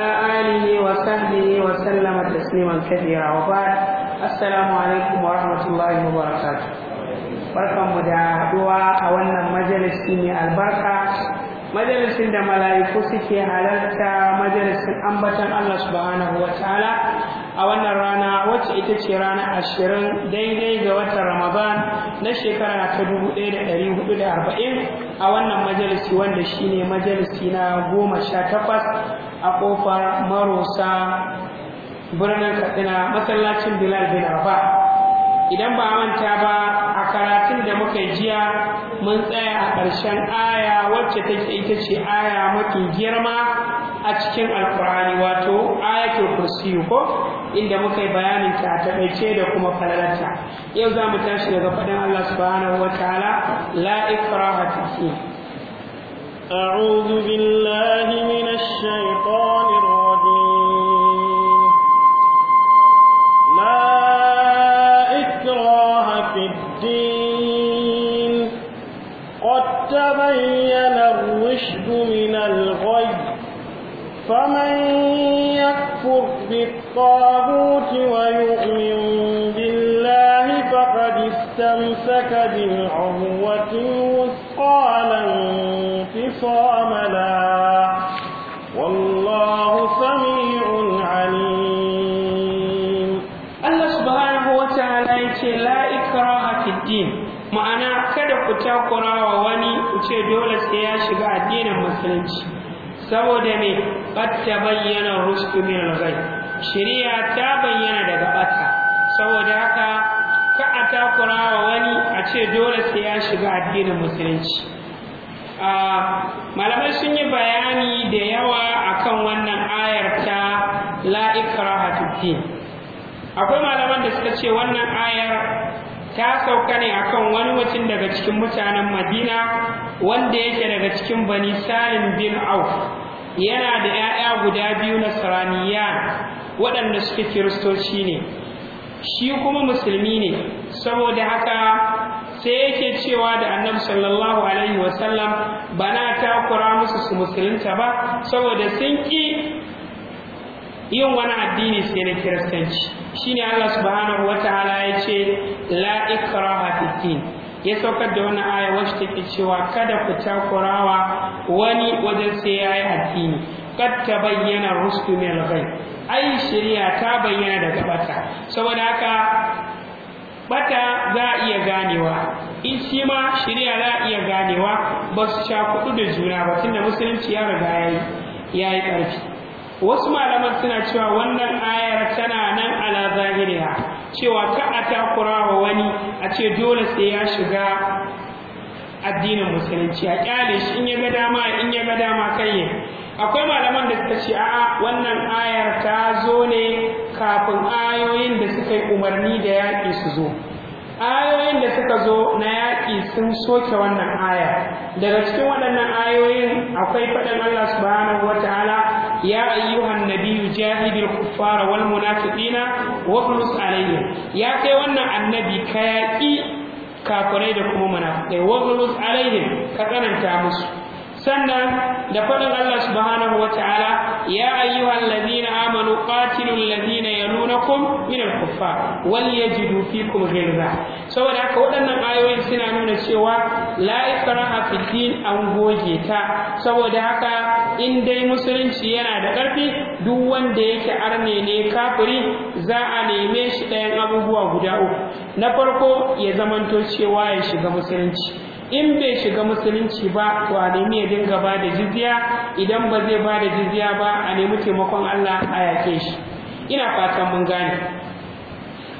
آله وصحبه وسلم تسليما كثيرا وبعد السلام عليكم ورحمة الله وبركاته barkan mu da haɗuwa a wannan majalisi ne albarka majalisin da mala'iku suke halarta majalisin ambatan Allah subhanahu wa ta'ala a wannan rana wacce ita ce rana ashirin daidai ga watan ramadan na shekara ta dubu ɗaya da ɗari hudu da arba'in a wannan majalisi wanda shine majalisi na goma sha takwas a ƙofar marosa birnin katsina masallacin bilal bin arba idan ba manta ba a karatun da muka jiya mun tsaya a ƙarshen aya wacce take ita ce aya mafi girma a cikin alkur'ani wato ayatul kursi ko inda muka yi bayanin ta a taƙaice da kuma falalarta yau za mu tashi daga faɗin allah subhanahu wa ta'ala la ikraha fi أعوذ بالله من الشيطان الرجيم لا إكراه في الدين قد تبين الرشد من الغي فمن يكفر بالطاغوت ويؤمن به فقد استمسك بالعروة الوثقى لا والله سميع عليم الله سبحانه وتعالى لا إكراه في الدين ma'ana kada ku takura wa wani ku ce dole sai ya shiga addinin musulunci saboda me batta bayyana rushdu min al-ghayb shari'a ta bayyana daga aka saboda haka ka a takura wa wani a ce dole sai ya shiga addinin musulunci malamai sun yi bayani da yawa akan wannan ayar ta la'ikara akwai malaman da suka ce wannan ayar ta sauka ne akan wani mutum daga cikin mutanen madina wanda yake daga cikin bani salim bin auf yana da 'ya'ya guda biyu na saraniya waɗanda suke kiristoci ne shi kuma musulmi ne saboda haka sai yake cewa da annabi sallallahu alaihi wasallam bana takura musu su musulunta ba saboda sun ki yin wani addini sai na kiristanci shine Allah subhanahu Ta'ala ya ce la ikraha ya saukar da wani aya wacce take cewa kada ku takurawa wani wajen sai yayi addini kad tabayyana rusul min al ai shari'a ta bayyana daga bata saboda haka bata za a iya ganewa in shi ma shari'a za a iya ganewa ba su sha kudu da juna ba tunda musulunci ya riga ya yi ƙarfi wasu malaman suna cewa wannan ayar tana nan ala zahiriya cewa ka a takura wa wani a ce dole sai ya shiga addinin musulunci a kyale shi in ya ga dama in ya ga dama kai akwai malaman da suka ce a'a wannan ayar ta zo ne kafin ayoyin da suka yi umarni da yaƙi su zo ayoyin da suka zo na yaƙi sun soke wannan aya daga cikin waɗannan ayoyin akwai faɗin Allah subhanahu wataala ya ayyuhan nabiyyu jahidil kuffara wal munafiqina wa qus ya kai wannan annabi ka yaƙi kafirai da kuma munafiqai wa ghulus alaihim ka tsananta musu sannan da faɗin Allah subhanahu wa ta'ala ya ayyuha alladhina amanu qatilul ladina yalunakum min al-kuffar wal yajidu fikum ghilza saboda haka waɗannan ayoyin suna nuna cewa la ikraha fi din an goge ta saboda haka in dai musulunci yana da ƙarfi duk wanda yake arne ne kafiri za a neme shi ɗayan abubuwa guda uku na farko ya zamanto cewa ya shiga musulunci in bai shiga musulunci ba to a nemi ya dinga ba da jizya idan ba zai ba da jizya ba a nemi taimakon Allah a yake shi ina fatan mun gane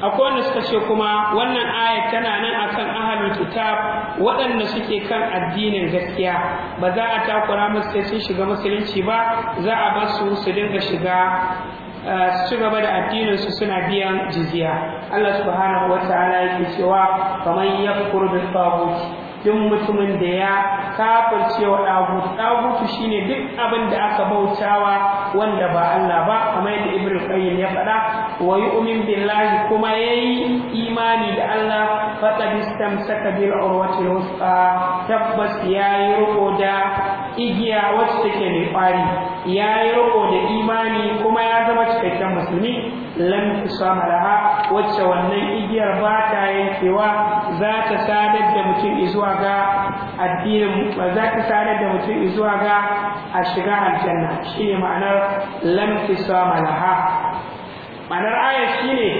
akwai wanda suka ce kuma wannan ayat tana nan akan ahalin kitab waɗanda suke kan addinin gaskiya ba za a takura musu sai sun shiga musulunci ba za a ba su su dinga shiga eh, su gaba da addininsu suna biyan jizya Allah subhanahu wa ta'ala yake cewa kamar yakfur bil taghut cikin mutumin da ya ɗagutu. Ɗagutu shi ne duk abin da aka bautawa wanda ba Allah ba kamar yadda Ibrahim ƙayyar ya faɗa wa umin billahi kuma ya yi imani da Allah saka istamsaka bil urwati wusqa tabbas ya yi riko da igiya wacce take ƙwari. Ya yi riko da imani kuma ya zama cikakken musulmi lan tusama laha wacce wannan igiyar ba ta yankewa za ta sadar da mutum zuwa ga addinin za ta sadar da mutum zuwa ga a shiga aljanna ne ma'anar lan tusama laha ma'anar shi ne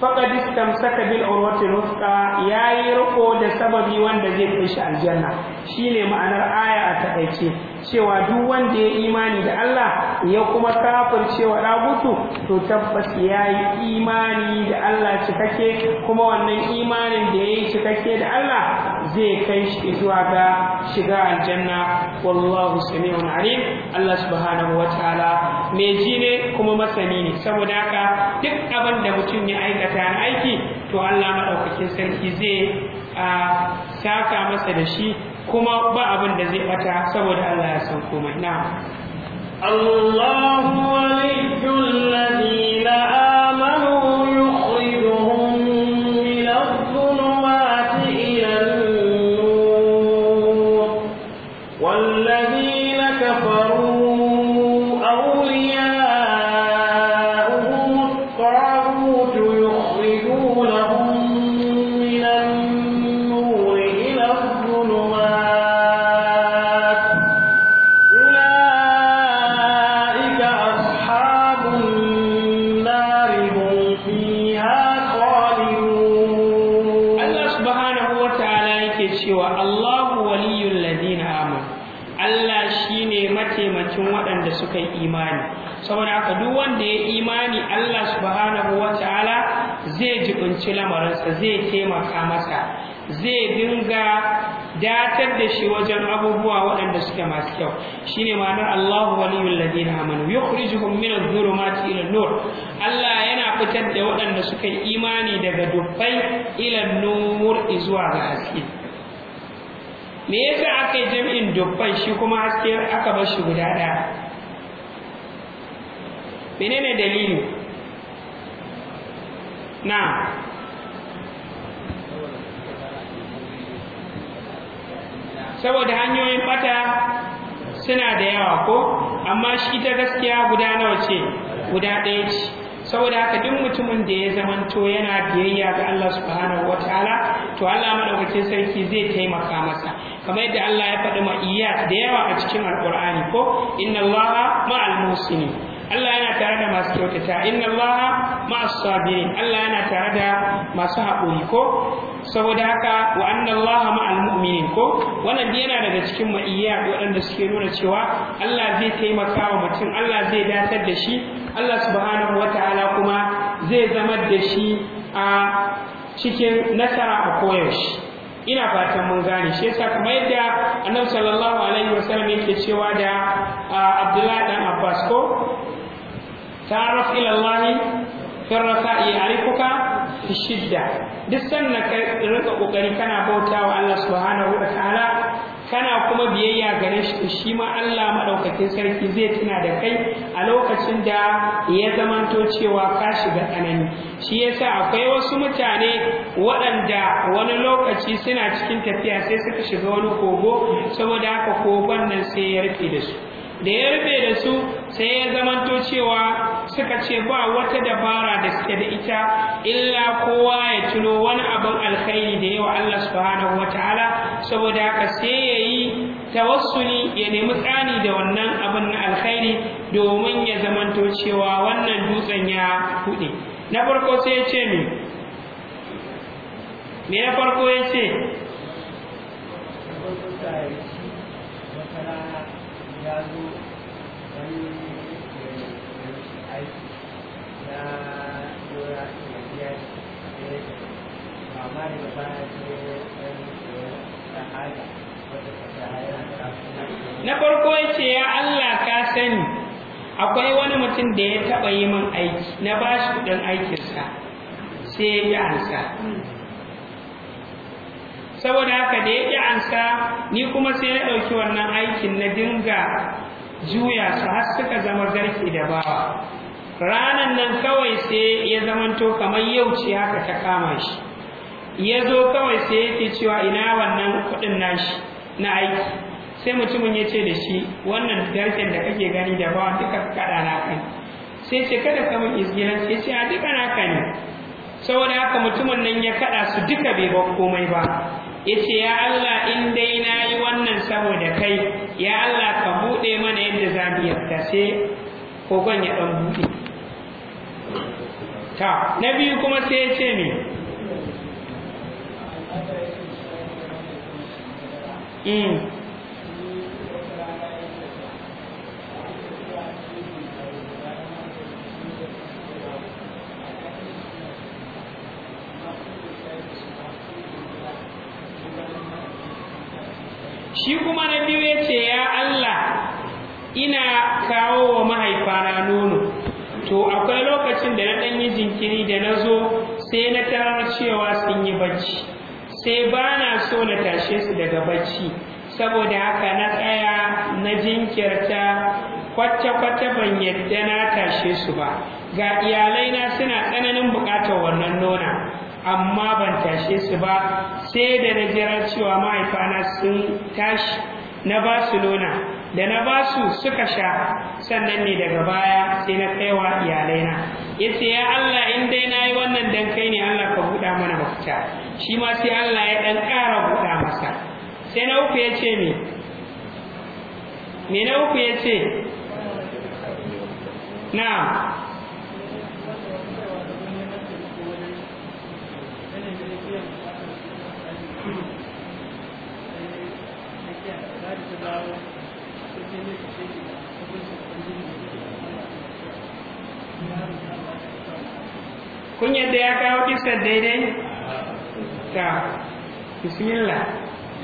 faqad istamsaka bil urwati ya yayi riko da sababi wanda zai kai shi aljanna shine ma'anar aya a takaice cewa duk wanda ya imani da Allah ya kuma cewa dagutu to tabbas yayi imani da Allah cikake, kuma wannan imanin da yayi cikake da Allah zai kai shi zuwa ga shiga aljanna wallahu sami'un alim Allah subhanahu wataala me ji ne kuma masani ne saboda haka duk abin da mutum ya aikata aiki to Allah madaukakin sarki zai a saka masa da shi kuma ba abin da zai bata saboda Allah ya san komai na Allahu waliyyul ladina zai taimaka masa zai dinga datar da shi wajen abubuwa waɗanda suke masu kyau shine ma'anar Allahu waliyul ladina amanu yukhrijuhum min adh-dhulumati ila nur Allah yana fitar da waɗanda suka imani daga dubbai ila nur zuwa ga haske me yasa aka yi jami'in dubbai shi kuma haske aka bar shi guda ɗaya menene dalili na saboda hanyoyin bata suna da yawa ko amma shi ta gaskiya guda nawa ce guda ɗaya ce saboda haka duk mutumin da ya zamanto yana biyayya ga Allah subhanahu wataala to Allah madaukakin sarki zai taimaka masa kamar yadda Allah ya faɗi ma iyas da yawa a cikin alqur'ani ko inna allaha ma'al muslimin Allah yana tare da masu kyautata inna Allah ma'as sabirin Allah yana tare da masu haƙuri ko saboda haka wa anna Allah ma'al mu'minin ko wannan yana daga cikin ma'iyya waɗanda suke nuna cewa Allah zai taimaka wa mutum Allah zai datar da shi Allah subhanahu wataala kuma zai zama da shi a cikin nasara a koyaushe ina fatan mun gane shi yasa kuma yadda annabi sallallahu alaihi wasallam yake cewa da Abdullahi dan Abbas ko ta'arraf ila Allah fi rafa'i ya'rifuka fi shidda duk sannan ka rika kokari kana bautawa Allah subhanahu wa ta'ala kana kuma biyayya gare shi shi ma Allah madaukakin sarki zai tuna da kai a lokacin da ya zamanto cewa ka shiga tsanani shi yasa akwai wasu mutane waɗanda wani lokaci suna cikin tafiya sai suka shiga wani kogo saboda haka kogon nan sai ya rufe da su da ya rufe da su sai ya zamanto cewa suka ce ba wata dabara da suke da ita illa kowa ya tuno wani abin alkhairi da yawa Allah subhanahu wataala saboda haka sai ya yi tawassuli ya nemi tsani da wannan abin na alkhairi domin ya zamanto cewa wannan dutsen ya hude na farko sai ya ce me me na farko ya ce ya na farko ya ce ya Allah ka sani akwai wani mutum da ya taɓa yi min aiki na ba shi kuɗin aikinsa sai ya ƙi ansa saboda haka da ya ƙi ansa ni kuma sai na ɗauki wannan aikin na dinga juya su har suka zama zarfi da bawa ranan nan kawai sai ya zamanto kamar yau ce haka ta kama shi ya zo kawai sai yake cewa ina wannan kuɗin nashi na aiki sai mutumin ya ce da shi wannan garken da kake gani da bawa duka kaɗa na kai sai ce kada ka min izgilan sai ce a duka na ne saboda haka mutumin nan ya kaɗa su duka bai ba komai ba yace ya Allah in dai na yi wannan saboda kai ya Allah ka bude mana yadda za mu yarda sai kogon ya dan bude ta na biyu kuma sai yace ce me Mm. shi kuma na biyu ya ce ya Allah ina kawo wa mahaifana nono to akwai lokacin da na ɗan yi jinkiri da na zo sai na tarar cewa sun yi bacci sai ba na so na tashe su daga bacci saboda haka na tsaya na jinkirta kwata-kwata ban yadda na tashe su ba ga iyalaina suna tsananin bukatar wannan nona amma ban tashe su ba sai da na jira cewa mahaifana sun tashi na barcelona da na ba su suka sha sannan ne daga baya sai na kaiwa iyalaina ya ce ya allah in dai na yi wannan dan kai ne allah ka buɗa mana mafita shi ma sai allah ya ɗan ƙara buɗa masa sai na uku ya ce me me na uku ya ce na kun yadda ya kawo kiskar daidai ta bismillah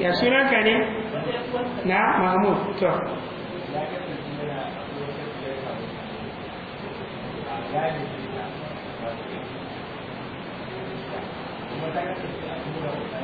ya sunanka ne na mahmud to Thank you.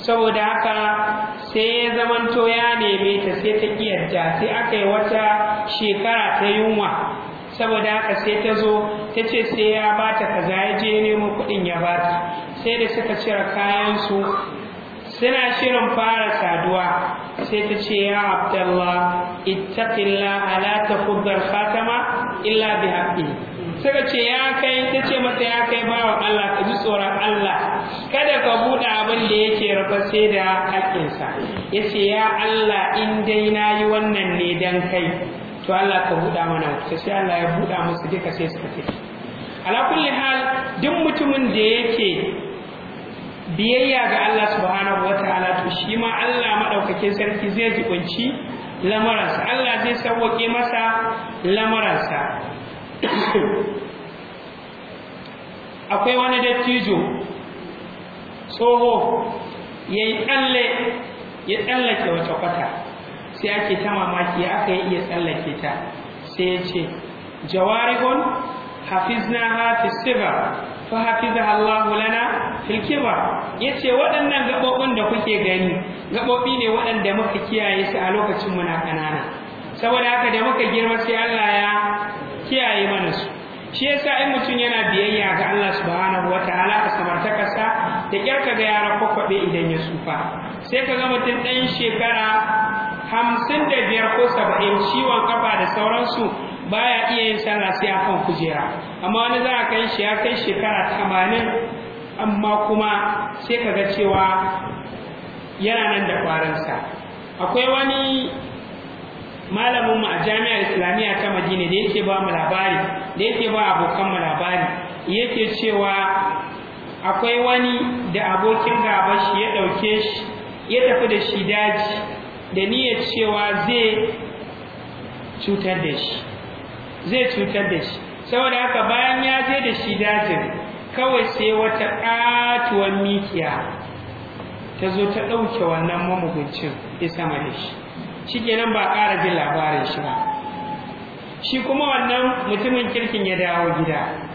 saboda haka sai ya zamanto ya neme ta sai ta kiyarta sai aka yi wata shekara ta yunwa saboda haka sai ta zo ta ce sai ya ba ta kaza ya je nemo kuɗin ya ba ta sai da suka cire kayansu suna shirin fara saduwa sai ta ce ya abdallah ittaqillah la takhudh fatama illa bi suka ce ya kai ta ce mata ya kai bawa Allah ka ji tsoron Allah kada ka buɗe abin da yake rufa sai da haƙƙinsa ya ce ya Allah in dai na yi wannan ne dan kai to Allah ka buɗa mana ta sai Allah ya buɗa musu duka sai suka tafi ala kulli hal duk mutumin da yake biyayya ga Allah subhanahu wataala to shi ma Allah madaukakin sarki zai ji kunci lamaransa Allah zai sauwake masa lamaransa akwai wani dattijo tsoho ya yi tsallake wata kwata sai ake ta mamaki aka yi iya tsallake ta sai ya ce jawarihun hafizna hafi siva fa hafiza Allahu lana fil ya ce waɗannan gabobin da kuke gani gabobi ne waɗanda muka kiyaye su a lokacin muna kanana saboda haka da muka girma sai Allah ya kiyaye mana su shi yasa in mutum yana biyayya ga Allah subhanahu wataala a samartakarsa da kyar ka ga yara kwakwaɓe idan ya tsufa sai ka ga mutum ɗan shekara hamsin da biyar ko saba'in ciwon kafa da sauransu baya iya yin sallah sai akan kujera amma wani za a kai shi ya kai shekara tamanin amma kuma sai ka ga cewa yana nan da kwaransa akwai wani malamin mu a jami'ar islamiyya ta madina da yake ba mu labari da yake ba abokan mu labari yake cewa akwai wani da abokin gaba shi ya ɗauke shi ya tafi da shi daji da niyyar cewa zai cutar da shi zai cutar da shi saboda haka bayan ya je da shi dajin kawai sai wata ƙatuwar mikiya ta zo ta ɗauke wannan mamuguncin ya sama da shi shikenan ba ƙara jin labarin shi ba shi kuma wannan mutumin kirkin ya dawo gida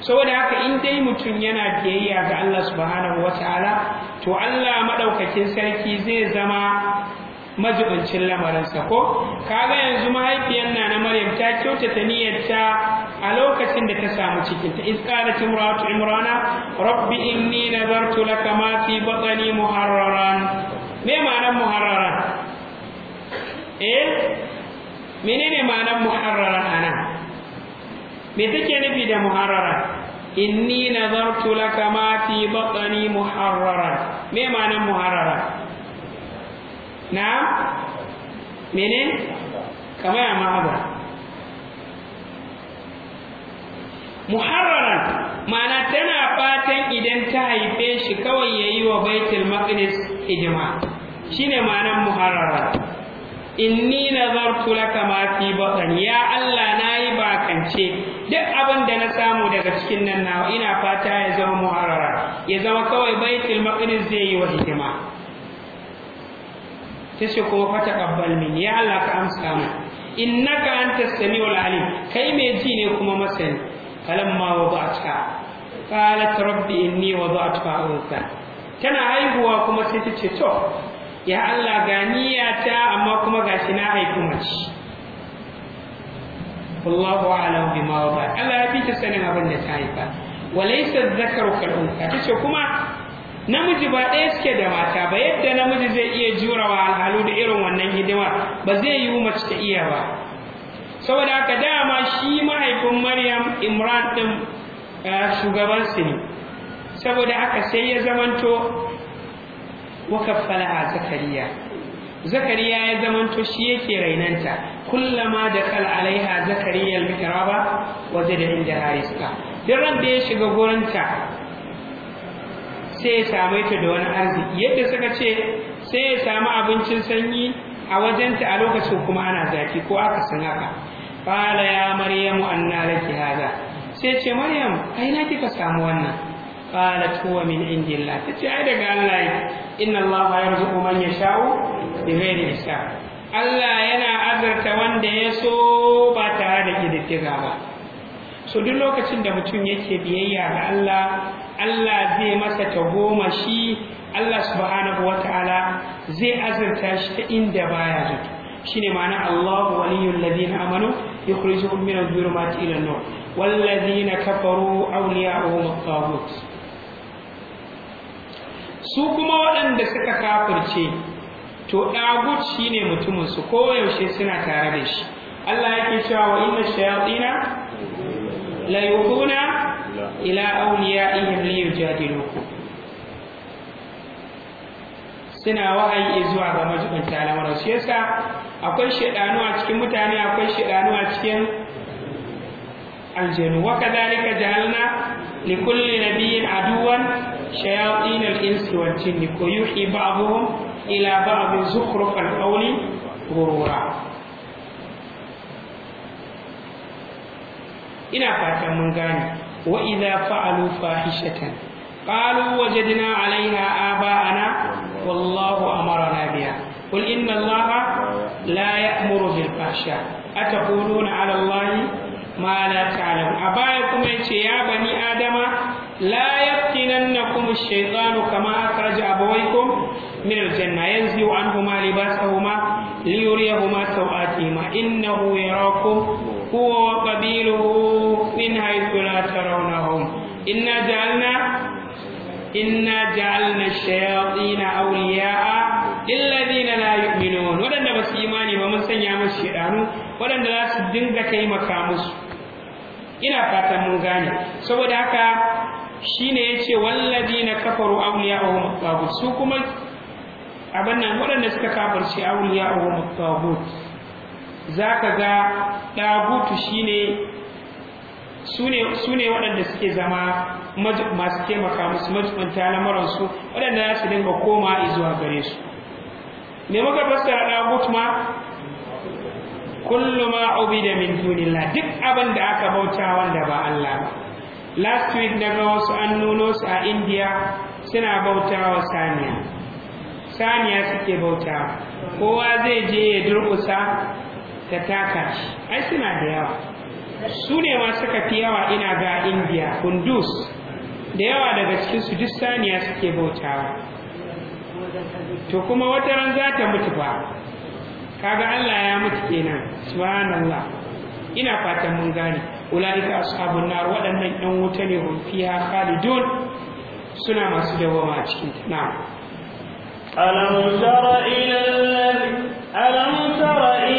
saboda haka in dai mutum yana biyayya ga Allah subhanahu wataala to Allah madaukakin sarki zai zama majibincin lamarinsa ko kaga yanzu mahaifiyar na na Maryam ta kyautata niyyarta a lokacin da ta samu cikinta iz qalat imratu imrana rabbi inni nadartu laka ma fi batni muharraran me ma'anar muharraran eh menene ma'anar muharrara anan me take nufi da muharrara inni nazartu laka ma fi batni muharrara me ma'anar muharrara na menen kama ya ma'aza muharrara ma'ana tana fatan idan ta haife shi kawai yayi wa baitul maqdis shine ma'anar muharrara inni nazartu laka ma fi batni ya Allah nayi bakance duk abin da na samu daga cikin nan nawa ina fata ya zama muharara, ya zama kawai baitul maqdis zai yi wa hidima tace ko fa taqabbal min ya Allah ka amsa mu innaka antas samiul alim kai mai ji ne kuma masani falamma wada'tka qalat rabbi inni wada'tuha unsa tana haihuwa kuma sai tace to ya Allah ga niyyata amma kuma ga shi na haifi mace wallahu a'lam bima ba. Allah ya fita sanin abin da ta haifa walaysa dhakaru kal unsa tace kuma namiji ba ɗaya suke da mata ba yadda namiji zai iya jurawa alhalu da irin wannan hidima ba zai yi mace ta iya ba saboda haka dama shi mahaifin Maryam Imran din eh, shugabansu ne saboda haka sai ya zamanto wa kaffalaha zakariya zakariya ya zamanto shi yake rainanta kullama da kal alaiha zakariya al-mihraba waje da inda hariska duk ran da ya shiga gurinta sai ya same ta da wani arziki yadda suka ce sai ya samu abincin sanyi a wajenta a lokacin kuma ana zafi ko aka san haka qala ya maryamu anna hada sai ce maryam ai na kika samu wannan qalat huwa min indillah tace ai daga Allah yake inna ya sha'u. man yasha'u bighairi hisab Allah yana azarta wanda ya so ba tare da kididdiga ba so duk lokacin da mutum yake biyayya ga Allah Allah zai masa tagoma shi Allah subhanahu wata'ala zai azarta shi ta inda baya zato shine ma'ana Allahu waliyul ladina amanu yukhrijuhum min adh-dhulumati ila an-nur wal ladina kafaru awliya'uhum at-taghut su kuma waɗanda suka kafirce to ɗagut shine mutumin ko koyaushe suna tare da shi Allah yake cewa wa inna shayatina la yuhuna ila awliyaihim li yujadilukum suna wahayi zuwa ga majibinta lamarin su yasa akwai shaidanu a cikin mutane akwai shaidanu a cikin aljanu wa kadhalika jahalna li kulli nabiyyin aduwan shayatin al-insi wal jinni ko yuhi ba'dhum ila ba'd zukhruf al ina fatan mun gane wa idza fa'alu fahishatan qalu wajadna 'alayha aba'ana wallahu amarna biha قل إن الله لا يأمر بالفحشاء أتقولون على الله ما لا تعلم أبايكم يا بني آدم la yaftinannakum ash-shaytanu kama akhraja abawaykum min al-janna yanzi'u anhuma libasahuma liyuriyahuma sawatihima innahu yarakum huwa wa qabiluhu min haythu la tarawnahum inna ja'alna inna ja'alna ash-shayatina awliya'a lilladina la yu'minun wadanda basu imani ba mun sanya musu shedanu Waɗanda za su dinga taimaka musu ina fatan mun gane saboda haka shine yace walladina kafaru awliya'uhum at-taghut su kuma abin nan waɗanda suka kafirce awliya'uhum at-taghut zaka ga tagutu shine sune sune waɗanda suke zama masu taimaka musu majibanta lamarin su waɗanda za su dinga koma zuwa gare su me muka fassara tagut ma kullu ma ubida min dunillah duk abin da aka bauta wanda ba Allah ba last week na ga wasu an su a india suna bauta wa saniya saniya suke bauta kowa zai je ya durkusa ta taka shi ai suna da yawa su ne ma suka fi yawa ina ga india kundus da yawa daga cikin su duk saniya suke bautawa to kuma wata ran za ta mutu ba kaga allah ya mutu kenan subhanallah ina fatan mun gane ulaika ashabun nar waɗannan ɗan wuta ne hum fiha khalidun suna masu dawama a cikin ta na'am alam tara ila alam tara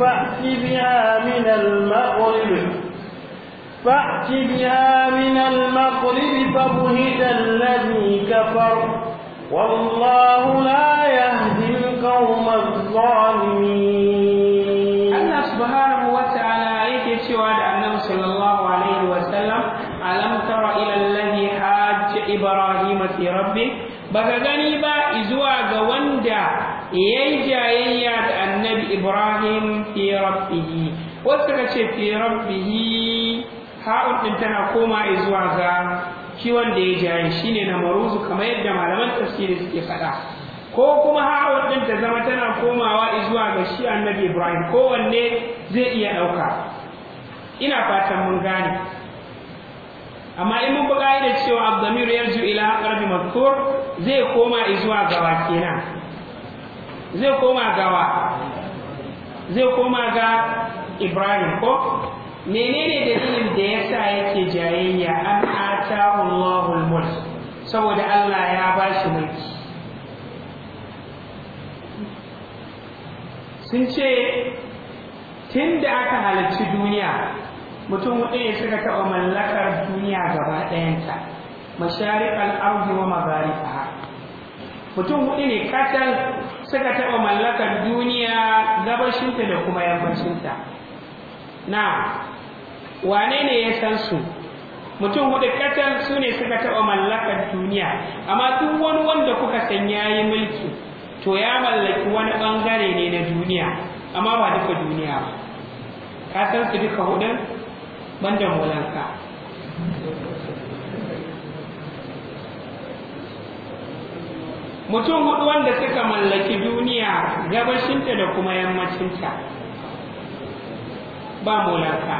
فأت بها من المغرب فأت بها من المغرب فبهت الذي كفر والله لا يهدي القوم الظالمين الله سبحانه وتعالى يكي سوى النبي صلى الله عليه وسلم ألم تر إلى الذي حاج إبراهيم في ربه بكغني با إزوا ga wanda yayi jayayya da annabi ibrahim fi rabbihi wasu ka ce fi rabbihi ha'un din tana koma zuwa ga shi wanda ya jaye shine na maruzu kamar yadda malaman tafsiri suke faɗa ko kuma ha'un din ta zama tana komawa zuwa ga shi annabi ibrahim kowanne zai iya ɗauka ina fatan mun gane amma in mun buƙa da cewa abdamiru yarju ila aqrabi mazkur zai koma zuwa ga wakena zai koma gawa zai koma ga ibrahim ko menene dalilin da ya sa yake jayayya an ata Allahul mulk saboda Allah ya ba shi mulki sun ce tun da aka halarci duniya mutum ne suka taɓa mallakar duniya gaba ɗayanta mashari al'arzi wa haka. mutum hudu ne katal suka taɓa mallakar duniya gabashinta da kuma yammacinta na wane ne ya san su mutum hudu kacal su ne suka taɓa mallakar duniya amma duk wani wanda kuka san ya yi mulki to ya mallaki wani ɓangare ne na duniya amma ba duka duniya ba ka san su duka hudun banda molanka mutum hudu wanda suka mallaki duniya gabashinta da kuma yammacinta ba mulaka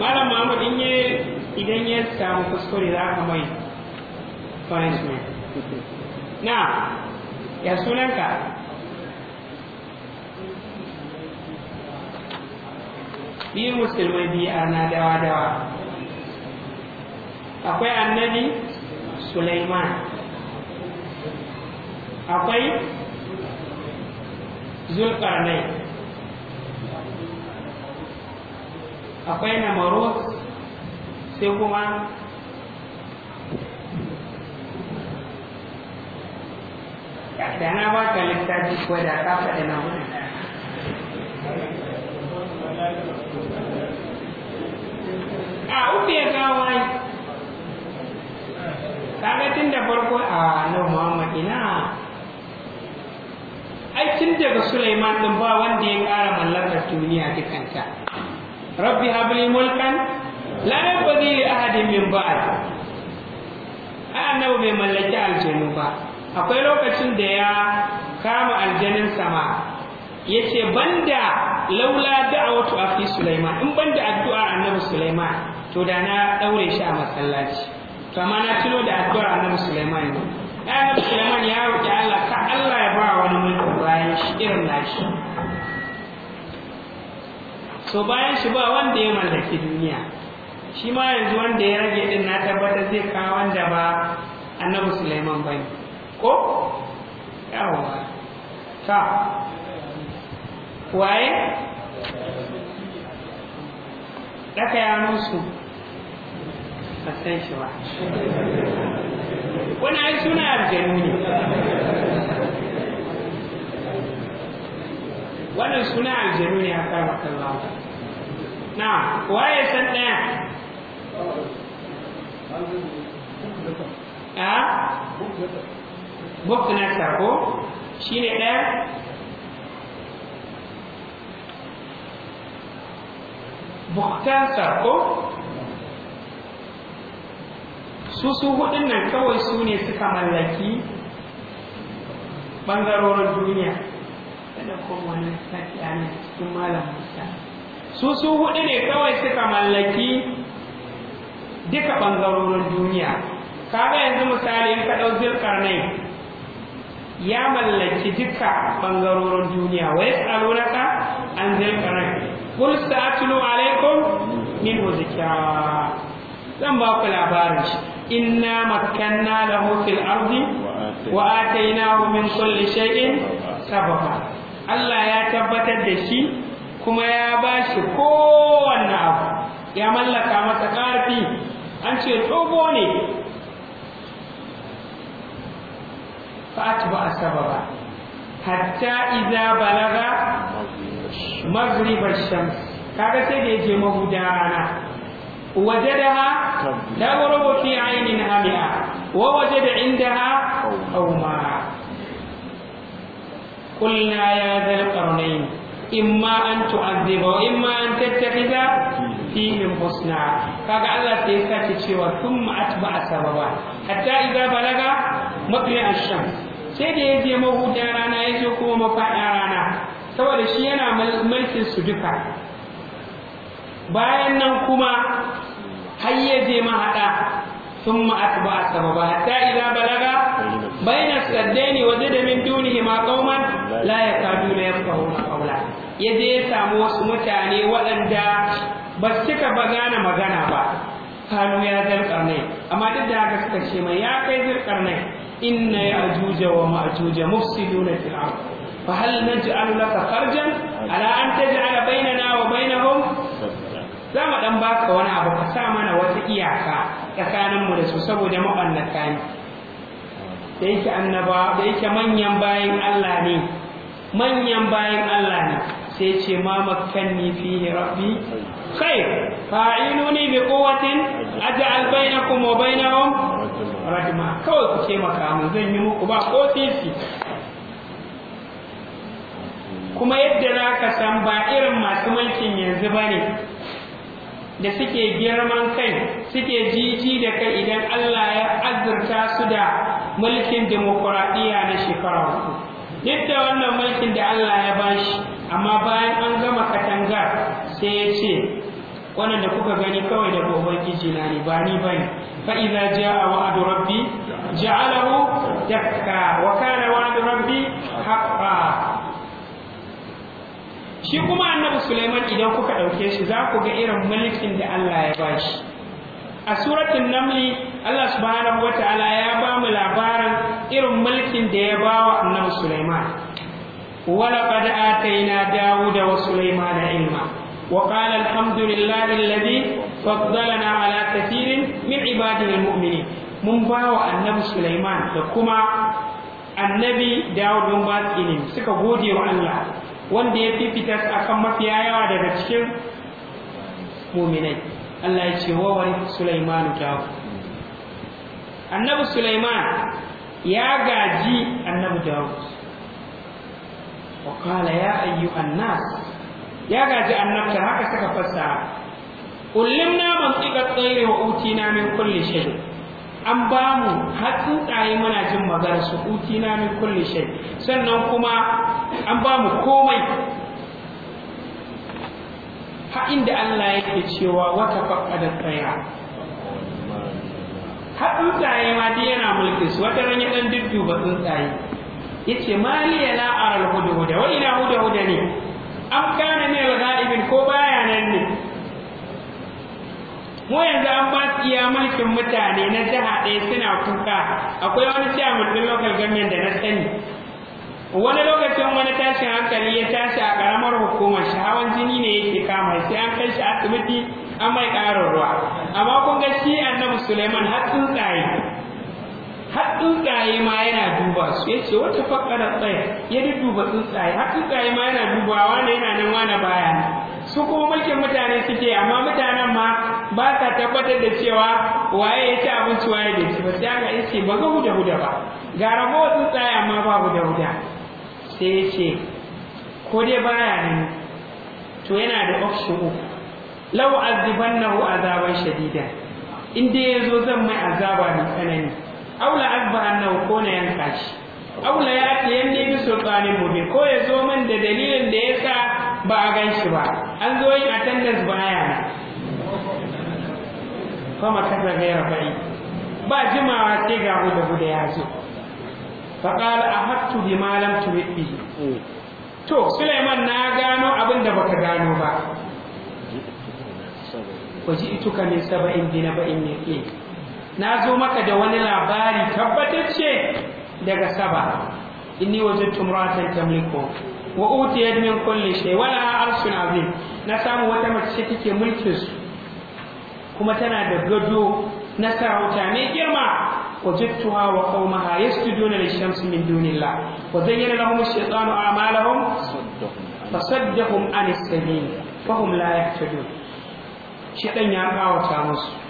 malam mahmud in yi idan ya samu kuskure za ka mai punishment na ya sunanka biyu musulmai biyu na dawa-dawa akwai annabi suleiman akwai zulkarnai akwai namaru sai kuma da na ba ka littafi ko da ka faɗi na wani a uku ya kawo ai kaga da farko a nan muhammad ina aikin da daga Sulaiman din ba wanda ya ƙara mallakar duniya kanta rabbi habli mulkan la zai li ahadin min ba'd a annabi bai mallaki aljanu ba akwai lokacin da ya kama aljanin sama yace banda laula da'awatu afi Sulaiman in banda addu'a annabi Sulaiman to da na daure shi a masallaci to amma na tuno da addu'ar annabi Sulaiman ne ɗan Sulaiman ya roƙi Allah ka Allah ya ba wani mulkin bayan shi irin nashi so bayan shi ba wanda ya mallaki duniya shi ma yanzu wanda ya rage din na tabbatar zai kawo wanda ba annabi ba ne, ko ba ta waye daka ya musu a san shi ba wani ai suna aljanu ne wannan suna aljanu ne a kama kallon na waye san ɗaya a buknasa ko shi ne ɗaya buknasa sako. su su hudun nan kawai su ne suka mallaki bangarorin duniya da wani sati ne cikin malam musa su su hudu ne kawai suka mallaki duka bangarorin duniya kaga yanzu misali in ka ɗau zulkarnai ya mallaki duka bangarorin duniya wai tsaro na ka an zulkarnai kul sa'atulu alaikum min zikra zan ba ku labarin shi إنا مكنا له في الأرض وآتيناه من كل شيء سببا الله يا تبت الدشي كما يا باشي كون أبو يا ملك أما تقارفي أنت تبوني فأتبع سببا حتى إذا بلغ مغرب الشمس kaga sai da ya je mahuda rana وجدها تغرب في عين هامئة ووجد عندها قوما قلنا يا ذا القرنين إما أن تعذب وإما أن تتخذ فيهم حسنا فقال الله سيساك تشوى ثم أتبع سببا حتى إذا بلغ مطلع الشمس سيدي يجي ya دارانا يجي rana ya سوى kuma ملك السجفة bayan nan kuma har je mahaɗa sun ba a sababa hatta ila balaga bayan saddaini waje da min dunihi ma kauman la ya kadu na yafka ya je samu wasu mutane waɗanda ba su cika ba gane magana ba kanu ya ne amma duk da haka suka ce mai ya kai ne inna ya ajuja wa ma'ajuja mufsiduna fil ardh فهل laka لك ala an taj'ala تجعل wa وبينهم za mu dan baka wani abu ka sa mana wata iyaka tsakaninmu da su saboda mabannata ne da yake annaba da yake manyan bayan Allah ne manyan bayan Allah ne sai ce ma makanni fihi rabbi khair fa'inuni bi quwwatin aj'al bainakum wa bainahum rahma kawai ku ce maka mu zan yi muku ba ko kuma yadda za ka san ba irin masu mulkin yanzu ba ne da suke girman kai suke jiji da kai idan Allah ya azurta su da mulkin demokuraɗiyya na shekara su duk da wannan mulkin da Allah ya ba shi amma bayan an gama katangar sai ya ce wannan da kuka gani kawai da ubangiji na ne ba ni bane fa idza jaa wa'du rabbi ja'alahu dakka wa kana wa'du rabbi haqqan shi kuma annabi Sulaiman idan kuka ɗauke shi za ku ga irin mulkin da Allah ya ba shi a suratun namli Allah subhanahu wataala ya ba mu labarin irin mulkin da ya ba wa annabi Sulaiman ولقد آتينا wa sulaiman ilma, wa qala alhamdulillahi alladhi faddalana ala kathirin min ibadihi almu'minin mun ba wa annabi Sulaiman da kuma annabi Dawud bin suka gode wa Allah wanda ya fifita akan mafiya yawa daga cikin muminai Allah ya ce wa warith Sulaiman Dawud Annabi Sulaiman ya gaji Annabi Dawud wa qala ya ayyuhan nas ya gaji annabta haka suka fassara ullimna mantiqa tsairi wa utina min kulli shaidu. an ba mu har tsuntsaye muna jin magana su uti na min kulli shay sannan kuma an ba mu komai ha inda Allah yake cewa wata da tsaya har tsuntsaye ma dai yana mulkin su wata ran ya dan ba tsuntsaye yace maliya la aral hudu hudu wa ila hudu huda ne kana wa al ko baya nan ne mu yanzu an ba su iya mulkin mutane na jiha ɗaya suna kuka akwai wani chairman ɗin local government da na sani wani lokacin wani tashin hankali ya tashi a ƙaramar hukumar shi hawan jini ne yake kama sai an kai shi asibiti an mai ƙarin ruwa amma kun ga shi annabi suleiman har tsuntsaye har tsuntsaye ma yana duba su ya ce wata fakarar tsaya ya duba tsuntsaye har tsuntsaye ma yana dubawa wane yana nan wane baya su kuma mulkin mutane suke amma mutanen ma ba sa tabbatar da cewa waye ya ci abinci waye da ci ba sai aka ce ba ga huda huda ba ga rabuwar tsuntsaye amma ba huda huda sai ya ce ko dai baya ne to yana da option uku lau azibannahu azaban shadida in dai zo zan mai azaba mai tsanani aula azbahannahu ko na yanka kashi aula ya yanda bi sultani mubi ko ya zo man da dalilin da yasa ba a gan shi ba an zo yin attendance baya na fama ta gaira bai ba jimawa sai ga huda huda ya zo faƙal a hattu bi malam tuwiɗi to suleiman na gano abin da baka gano ba ku ji ituka min saba'in bi na ba'in ne na zo maka da wani labari tabbatacce daga saba inni wajen tumuratan tamliko wa uti yadmin kulli shay wala arsuna bi na samu wata mace take mulkin su kuma tana da gado na sarauta mai girma wajittuha wa qaumaha yasjuduna lishams min dunillah wa zayyana lahum ash-shaytanu a'malahum fasaddahum an as-sabil fa hum la yahtadun shaytan ya kawata musu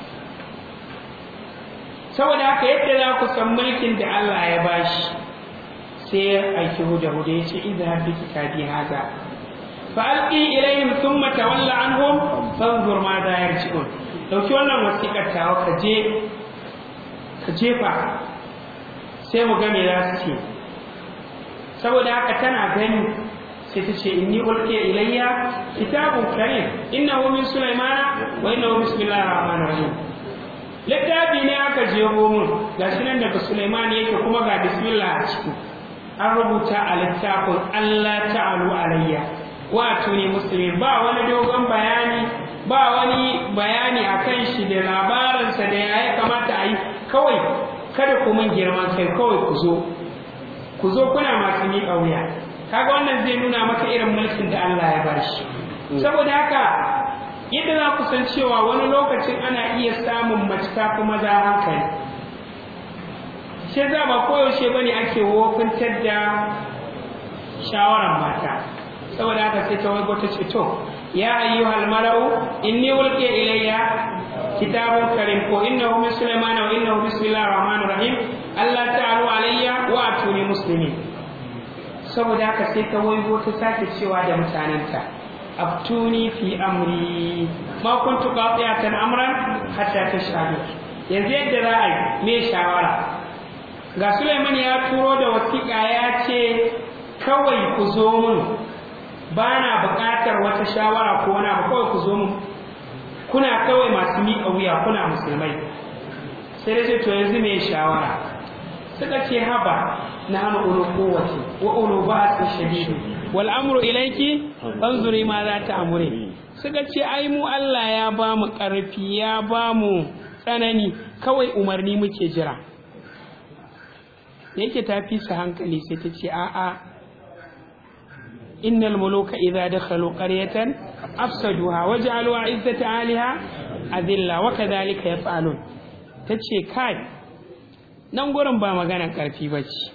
saboda haka yadda za ku san mulkin da Allah ya bashi sai aiki huda huda ya ce idan bi kitabi haza fa sun mata thumma an hun san zurma da yarji'un dauki wannan wasiƙar tawa ka je ka jefa sai mu gane za su ce saboda haka tana gani sai ta ce inni ulqiya ilayya kitabun karim innahu min sulaymana wa innahu bismillahir rahmanir rahim littafi ne aka jero mun shi nan daga Suleiman yake kuma ga bismillah a ciki an rubuta a littafin Allah ta'alu alayya wato ne musulmi ba wani dogon bayani ba wani bayani a kan shi da labarinsa da ya kamata a yi kawai kada ku mun girman kai kawai ku zo ku zo kuna masu miƙa wuya kaga wannan zai nuna maka irin mulkin da Allah ya bar shi mm. saboda haka yadda za ku san cewa wani lokacin ana iya samun mace ta kuma za hankali shi za ba koyaushe bane ake wofintar da shawaran mata saboda haka sai ta waigo ce to ya halmarau in ni wulke ilayya kitabun karim ko innahu hu musulmana wa hu bismillahir rahmanir rahim Allah ta'alu alayya wa atuni muslimin saboda haka sai ta wai ta sake cewa da mutanenta abtuni fi amri ma kuntu qati'atan amran hatta tashhadu yanzu yadda za a yi me shawara ga Suleiman ya turo da wasiƙa ya ce kawai ku zo mun ba na buƙatar wata shawara ko wani abu kawai ku zo mun kuna kawai masu miƙa wuya kuna musulmai sai dai to yanzu me shawara suka ce haba na hana ulu kowace wa ulu ba'asin shadidu wal ilaiki, ilayki fanzuri ma za ta amure suka ce ai mu Allah ya ba mu ƙarfi ya ba mu tsanani kawai umarni muke jira yake ta fi su hankali sai ta ce a'a innal muluka idza dakhalu qaryatan afsaduha waj'alu izzata aliha adilla wa kadhalika yaf'alun tace kai nan gurin ba maganar ƙarfi bace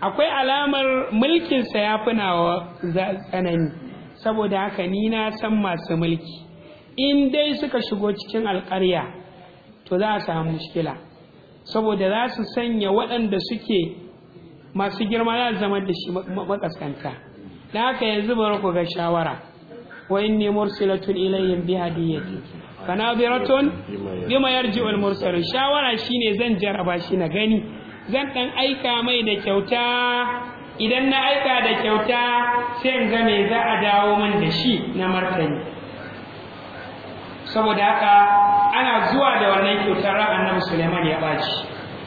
akwai alamar mulkinsa ya fi nawa tsanani saboda haka ni na san masu mulki in dai suka shigo cikin alƙarya to za a samu mushkila saboda za su sanya waɗanda suke masu girma za su zama da shi makaskanta da haka yanzu bari ku ga shawara wa inni mursilatun ilayhim bi hadiyati biratun bima yarji'u al mursalun shawara shine zan jaraba shi na gani zan ɗan aika mai da kyauta idan na aika da kyauta sai in ga me za a dawo min da shi na martani saboda haka ana zuwa da wannan kyautar ran annabi Suleiman ya ɓaci.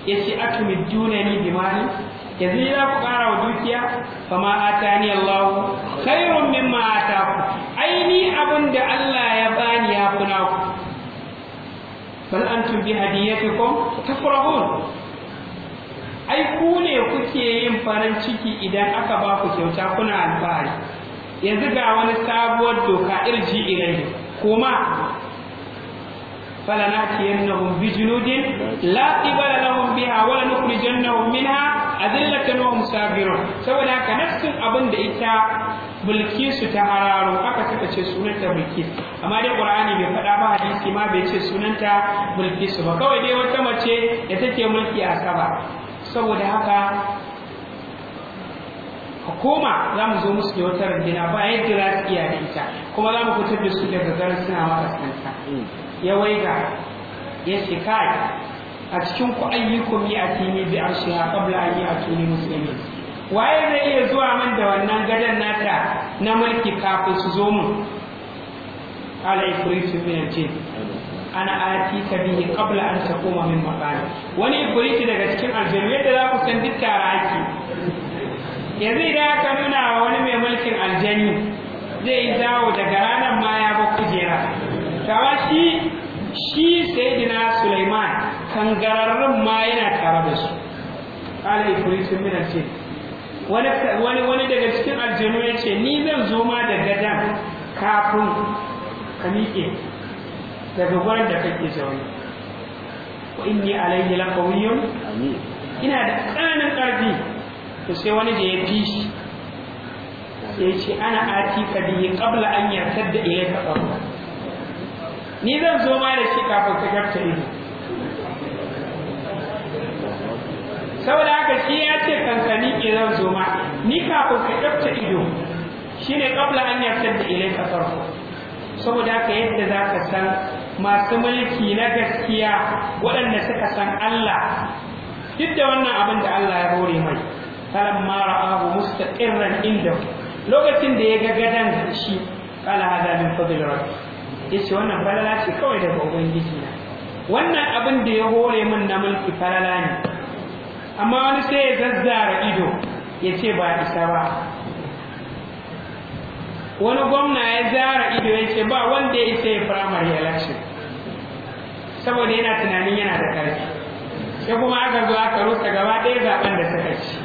Ya ce, baci yace atumidunani Ya yanzu za ku ƙara wa dukiya fama atani Allah khairun mimma ataku aini abin da Allah ya bani ya kuna ku bal antum bi hadiyatikum tafrahun ai ku ne kuke yin farin ciki idan aka ba ku kyauta kuna alfahari yanzu ga wani sabuwar doka irji irai kuma فلنأتينهم بجنود لا قبل لهم بها ولا nukhrijannahum minha adillatan wa musabirun saboda haka nafsin abin da ita Bilkisu ta hararo aka suka ce sunanta Bilkis amma dai Qur'ani bai faɗa ba hadisi ma bai ce sunanta Bilkisu ba kawai dai wata mace da take mulki a sama saboda haka hukuma koma za mu zo musu da wata rundina ba yadda za su iya da ita kuma za mu fitar da su daga garin suna makasanta hmm. ya waiga ya ce kai a cikin ku ayyukum yi a tini bi an shiga kabla an yi a tuni musulmi waye zai iya zuwa min da wannan gadon nata na mulki kafin su zo mu? ala ifritu min ce. ana ati ka bihi qabla an taquma min maqami wani ibriti daga cikin aljanna yadda za ku san duk ake yanzu idan aka nuna wa wani mai mulkin aljani zai dawo daga ranar ma ya ba kujera kama shi shi sayyidina Sulaiman kangararrun ma yana tare da su Kala ibritu min al wani wani wani daga cikin aljanu yace ni zan zo ma da gadan kafin ka miƙe daga gurin da kake zaune in inni alaihi la amin ina da tsananin ƙarfi to sai wani da ya fi shi sai ce ana atika bihi qabla an ilai ilayka qabla ni zan zo ma da shi kafin ka gabta ni saboda haka shi ya ce kankani ke zan zo ma ni kafin ka gabta ido shine kabla an ilai ilayka farko saboda haka yadda zaka san masu mulki na gaskiya waɗanda suka san Allah duk da wannan abin da Allah ya hore mai abu ra'ahu mustaqirran inda lokacin da ya ga gadan shi kala hada min fadl rabbi wannan falala ce kawai daga ubangiji na wannan abin da ya hore min na mulki falala ne amma wani sai ya zazzara ido ya ce ba isa ba wani gwamna ya zara ido ya ce ba wanda ya isa ya firamare election saboda yana tunanin yana da ƙarfi sai kuma aka zo aka rusa gaba ɗaya zaɓen da suka ci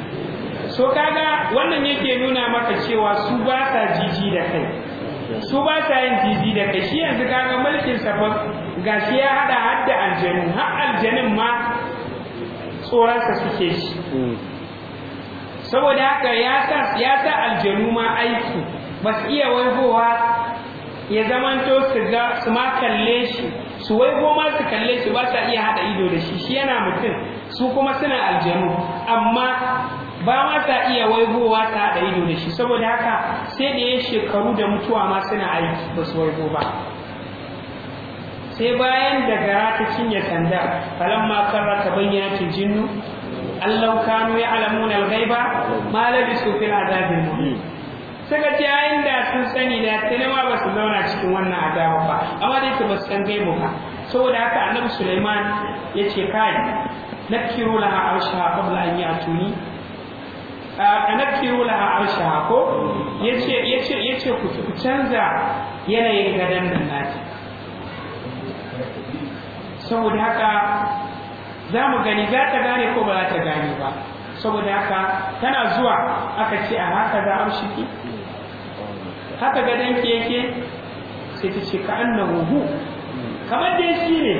so kaga wannan yake nuna maka cewa su ba sa jiji da kai su ba sa yin jiji da kai shi yanzu kaga mulkin sa ga shi ya hada har da aljanu har aljanin ma tsoronsa suke shi saboda haka ya sa aljanu ma aiki ba iya waifowa ya zamanto su ga su ma kalle shi su wai goma su kalle shi ba sa iya hada ido da shi shi yana mutum su kuma suna aljanu amma ba ma sa iya waigowa ta hada ido da shi saboda haka sai da ya shekaru da mutuwa ma suna aiki ba su waigo ba sai bayan da gara ta cinye sanda falamma karra ta bayyana ta jinnu allau kanu ya alamun algaiba ma labisu fil azabin muhim suka ce a inda sun sani da talama ba su zauna cikin wannan adama ba amma dai ba su san gaibu ba saboda haka annabi Suleiman ya ce kai nakiru laha arsha qabla an yatuni nakiru laha arsha ko ya ce ku canza yanayin gadon nan nati saboda haka za mu gani za ta gane ko ba za ta gane ba saboda haka tana zuwa aka ce a haka za a shiki haka gadon danki yake sai ta ce ka hu kamar dai shi ne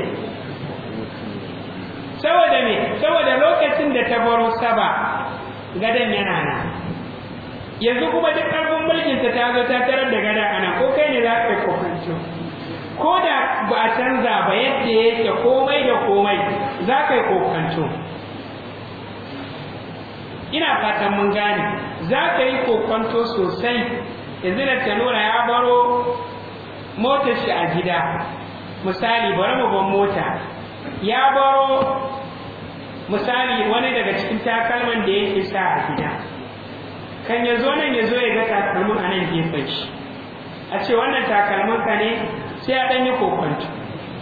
saboda me saboda lokacin da ta baro saba gadon yana nan yanzu kuma duk karfin mulkin ta zo ta tarar da gadon ana ko kai ne za ka yi kokanci ko da ba a canza ba yadda yake komai da komai za ka yi kokanci ina fatan mun gane za ka yi kokonto sosai yanzu da tanura ya baro motar shi a gida misali bari mu ban mota ya baro misali wani daga cikin takalman da yake sa a gida kan ya zo nan ya zo ya ga takalmin a nan gefen a ce wannan takalmin ka ne sai a ɗan yi kokonto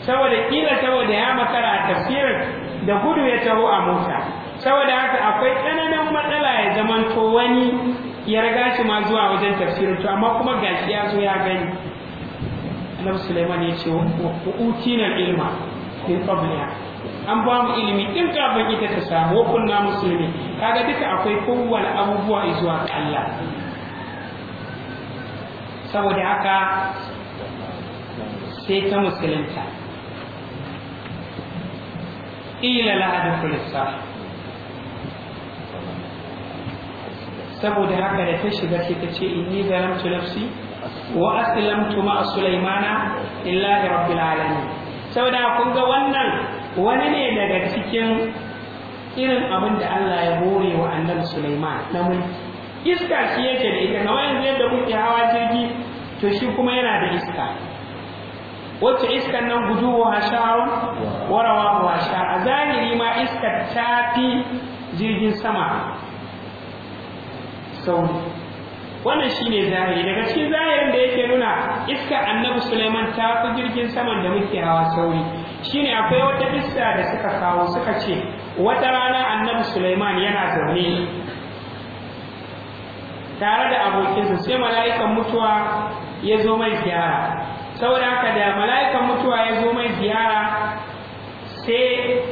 saboda ƙila saboda ya makara a tafiyar, da gudu ya taho a mota saboda haka akwai tsananin matsala ya zamanto wani ya raga shi ma zuwa wajen tafsirin to amma kuma gashi ya zo ya gani annabi Sulaiman ya ce wa utina ilma min qabliha an ba mu ilimi din ba ita ta samu kunna musulmi kaga duka akwai kowanne abubuwa zuwa ga Allah saboda haka sai ta musulunta ila la adkhulus sahih saboda haka da ta shiga sai ta ce inni zalamtu nafsi wa aslamtu ma sulaimana lillahi rabbil alamin saboda kun ga wannan wani ne daga cikin irin abin da Allah ya bore wa annabi Sulaiman na mulki iska shi yake da ita kamar yanzu yadda kuke hawa jirgi to shi kuma yana da iska wacce iskan nan gudu wa sha'arun warawa wa sha'a zahiri ma iska ta fi jirgin sama sauri wannan shine zahiri daga cikin zahirin da yake nuna iska annabi Sulaiman ta fi jirgin saman da muke hawa sauri shine akwai wata iska da suka kawo suka ce wata rana annabi Sulaiman yana zaune tare da abokinsa sai mala'ikan mutuwa ya zo mai ziyara saboda haka da mala'ikan mutuwa ya zo mai ziyara sai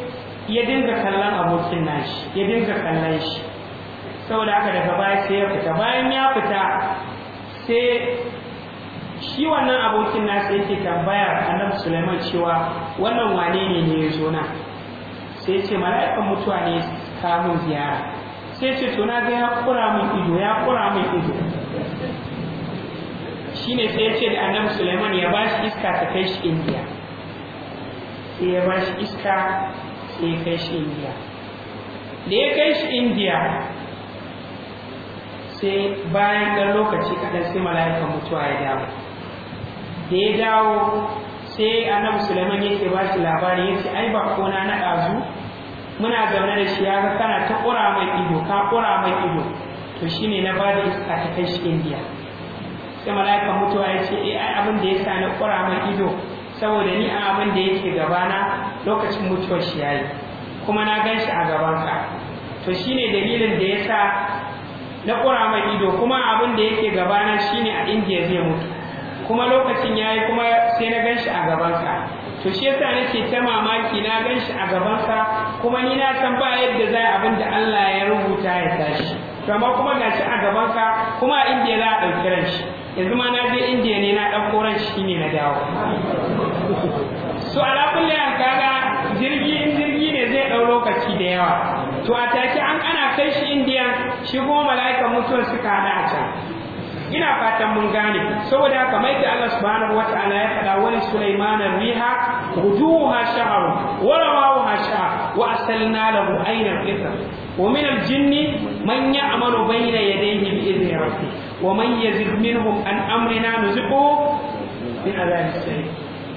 ya dinga kallon abokin nashi ya dinga kallon shi saboda haka daga baya sai ya fita bayan ya fita sai shi wannan abokin nasa yake tambaya annabi Sulaiman cewa wannan wane ne ne ya na sai ce mala'ikan mutuwa ne mun ziyara sai ce to na ga ya kura min ido ya kura min ido shine sai ya ce da annabi Sulaiman ya bashi iska ta kai shi Indiya sai ya bashi iska sai ya kai shi Indiya da ya kai shi Indiya sai bayan ɗan lokaci kaɗan sai mala'ikan mutuwa ya dawo da ya dawo sai annabi suleiman yake ba shi labari yace ai ba kona na ɗazu muna zaune da shi ya ga kana ta ƙura mai ido ka ƙura mai ido to shi ne na ba da iska ta kai shi indiya sai mala'ikan mutuwa ya ce eh ai abin da ya sa na ƙura mai ido saboda ni a abin da yake gabana lokacin mutuwar shi ya yi, kuma na gan shi a gabanka to shi ne dalilin da ya sa? na ƙura mai ido kuma abin da yake gabana shine a indiya zai mutu kuma lokacin ya yi kuma sai na ganshi a gabansa to shi yasa nake ta mamaki na ganshi a gabansa kuma ni na san ba yadda za abin da Allah ya rubuta ya tashi to amma kuma shi a gabansa kuma a indiya za a ɗauki ran shi yanzu ma na je indiya ne na ɗauko ran shi ne na dawo Su ala kulli kaga jirgi in jirgi ne zai ɗau lokaci da yawa to a take an ana kai shi indiya shi kuma mala'ikan mutuwar suka hada a can ina fatan mun gane saboda haka mai da Allah subhanahu wataala ya faɗa wani Sulaiman riha hujuha sha'ar wa rawaha sha'ar wa asalna lahu ayna qita wa min al-jinni man ya'malu bayna yadayhi bi idhni rabbi wa man yazid minhum an amrina nuziqu min adhabi sayyid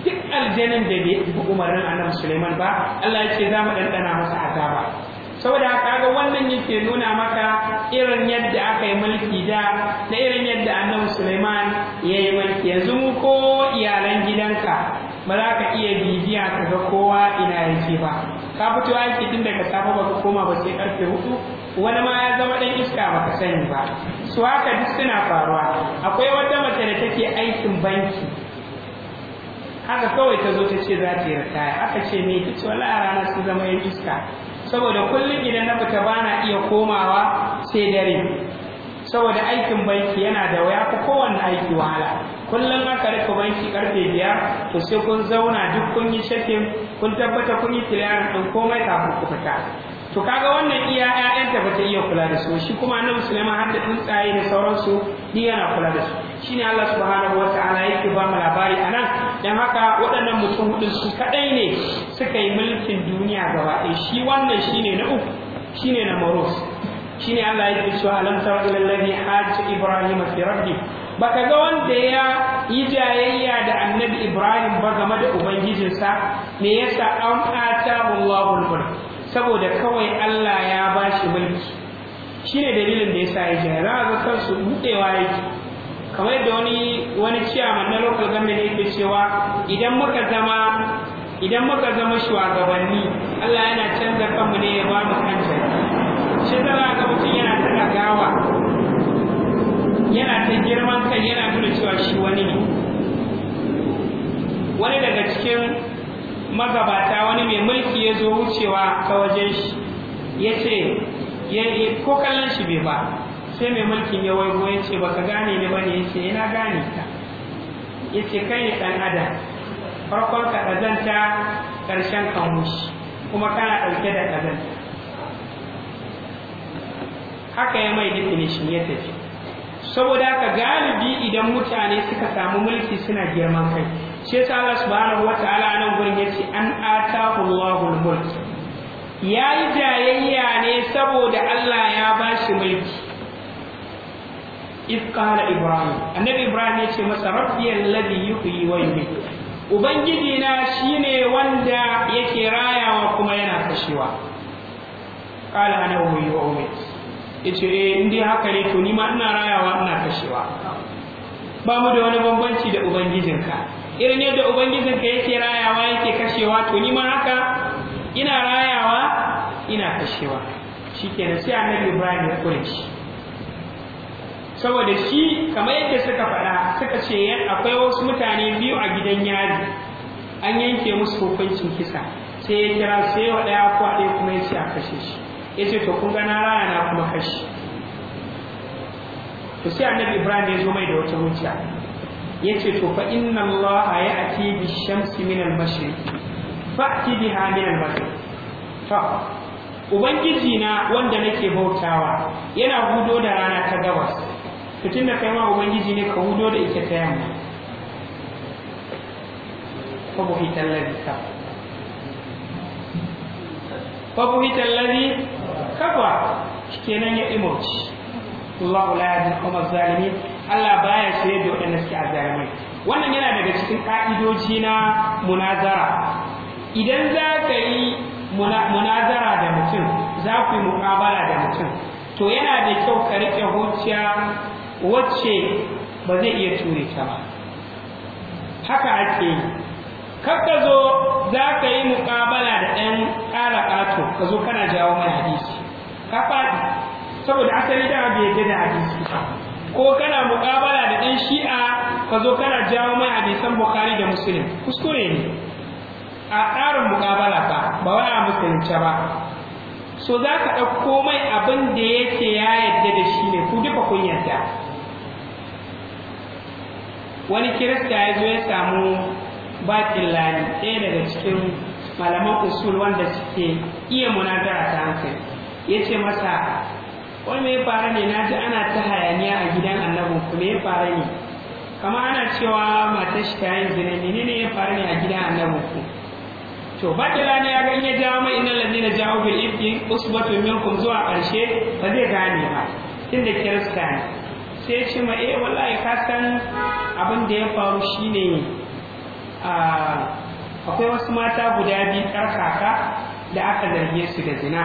duk aljanin da bai umarnin annabi Sulaiman ba Allah ya ce za mu dandana masa azaba saboda kaga wannan yake nuna maka irin yadda aka yi mulki da da irin yadda annabi Sulaiman ya yi mulki yanzu mu ko iyalan gidanka ba za ka iya bibiya ka ga kowa ina yake ba ka fito aiki tun daga safe ba ka koma ba sai karfe hudu wani ma ya zama dan iska ba ka sani ba su haka duk suna faruwa akwai wata mace da take aikin banki haka kawai ta zo ta ce za ta yi ritaya aka ce me ta ce wala a ranar su zama yan iska saboda kullum idan na fita bana iya komawa sai dare saboda aikin banki yana da waya ko kowanne aiki wahala kullum aka rufe banki karfe biyar to sai kun zauna duk kun yi shakin kun tabbata kun yi tilayar din komai kafin ku fita to kaga wannan iya ƴaƴanta ta iya kula da su shi kuma annabi Sulaiman har da tsuntsaye da sauransu ni yana kula da su shine Allah subhanahu wataala yake ba mu labari anan dan haka waɗannan mutum hudu su kadai ne suka yi mulkin duniya gaba ɗaya shi wannan shine na uku shine na maros shine Allah yake cewa alam tara ila alladhi hajja ibrahim fi rabbi baka ga wanda ya yi jayayya da annabi ibrahim ba game da ubangijinsa me yasa an ata wallahu mulk saboda kawai Allah ya bashi mulki Shi ne dalilin da ya sa ya jira za a ga kansu buɗewa ji kamar da wani wani ciyaman na local government yake cewa idan muka zama idan muka zama shugabanni Allah yana canza kanmu ne ya ba mu kan shi da ga mutum yana ta gawa yana ta girman kai yana nuna cewa shi wani ne wani daga cikin magabata wani mai mulki ya zo wucewa ta wajen shi ya ce ya ko kallon shi bai ba sai mai mulkin ya waigo ya ce baka gane ni bane ya ina gane ka ya kai ne dan adam farkon ka kazanta karshen ka mushi kuma kana ɗauke da kazanta haka ya mai definition ya tafi saboda haka galibi idan mutane suka samu mulki suna girman kai shi ta Allah subhanahu wataala nan gurin yace an atahu Allahul mulk ya yi jayayya ne saboda Allah ya ba shi mulki iskara ibrahim annabi ibrahim ya ce masa rabbiyal ladhi yuhyi wa yumiit ubangiji na shine wanda yake rayawa kuma yana kashewa qala ana uhyi wa umiit yace eh indai haka ne to ni ma ina rayawa ina kashewa ba mu da wani bambanci da ubangijinka irin yadda ubangijinka yake rayawa yake kashewa to ni ma haka ina rayawa ina kashewa shikenan sai annabi Ibrahim ya kure shi saboda shi kamar yadda suka faɗa suka ce akwai wasu mutane biyu a gidan yari an yanke musu hukuncin kisa sai ya kira sai wa ɗaya ko ɗaya kuma ya ce a kashe shi ya ce to kun ga na rana na kuma kashe to sai annabi Ibrahim ya zo mai da wata hujja ya ce to fa inna Allah ya ati bi shamsi min al-mashriq fa'ti biha min al-masjid fa ubangiji na wanda nake bautawa yana hudo da rana ta gabas fitin da kai ma ubangiji ne ka hudo da ita ta yamma fa hitar alladhi kafa fa buhita alladhi kafa kenan ya imauci Allah la yadin kuma zalimi Allah baya shirye da waɗanda suke azzalimai wannan yana daga cikin ka'idoji na munazara idan za ka yi munazara da mutum za ku yi muƙabala da mutum to yana da kyau ka riƙe hujja wacce ba zai iya ture ta ba haka ake yi kakka zo za ka yi muƙabala da ɗan ƙara ƙato ka zo kana jawo mai hadisi ka faɗi saboda asali da bai yadda da hadisi ko kana muƙabala da ɗan shi'a ka zo kana jawo mai hadisan bukari da musulun kuskure ne a ƙarin muƙabala ba ba wai a musulunci ba so za ka ɗauko komai abin da yake ya yadda da shi ne ku duka kun wani kirista ya zo ya samu bakin lani ɗaya daga cikin malaman usul wanda suke iya munadara ta hankali ya ce masa wani mai fara ne na ji ana ta hayaniya a gidan annabin ku me ya fara ne kama ana cewa matar shi ta yin zina ne ya fara ne a gidan annabin ku to bakira ne ya ga ya jawo mai inna ladina ja'u bil ifki usbatun minkum zuwa karshe ba zai gane ba tunda kirista ne sai ce ma eh wallahi ka san abin da ya faru shine a akwai wasu mata guda biyu kaka da aka zarge su da zina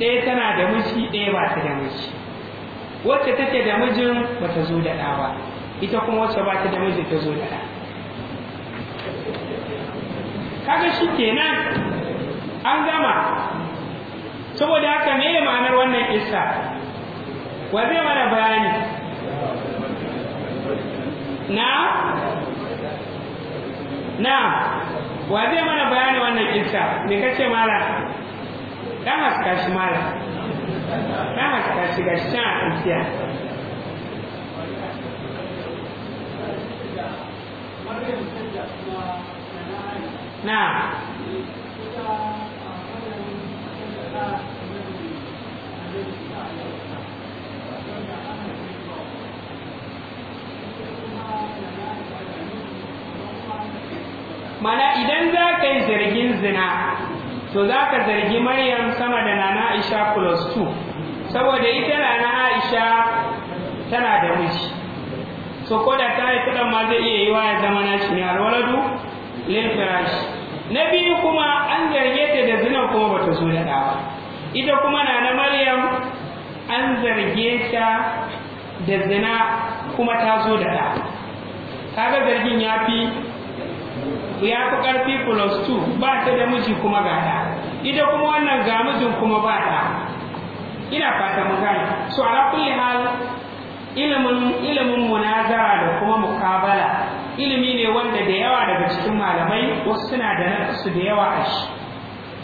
ɗaya tana da miji ɗaya ba ta da miji wacce take da mijin ba ta zo da ɗa ba ita kuma wacce ba ta da miji ta zo da ɗa kaga shi kenan an gama saboda haka me ma'anar wannan isa wa zai mana bayani na na wa zai mana bayani wannan isa me kace mala dan haska shi mala dan haska shi ga shi a na'am mana idan za ka yi zargin zina to za ka zargi maryam sama da nana aisha plus 2 saboda ita nana aisha tana da miji so ko da ta yi kudan ma zai iya yi wa ya zama na shi ne alwaladu lil firashi na biyu kuma an zarge ta da zina kuma ta so da ba ita kuma na na maryam an zarge ta da zina kuma ta zo da ɗa kaga zargin ya fi ya fi ƙarfi plus 2 ba ta da miji kuma ga ɗa ita kuma wannan ga mijin kuma ba ɗa ina fata mun gane so a kulli hal ilimin ilimin munazara da kuma mukabala ilimi ne wanda da yawa daga cikin malamai wasu suna da nasu da yawa a shi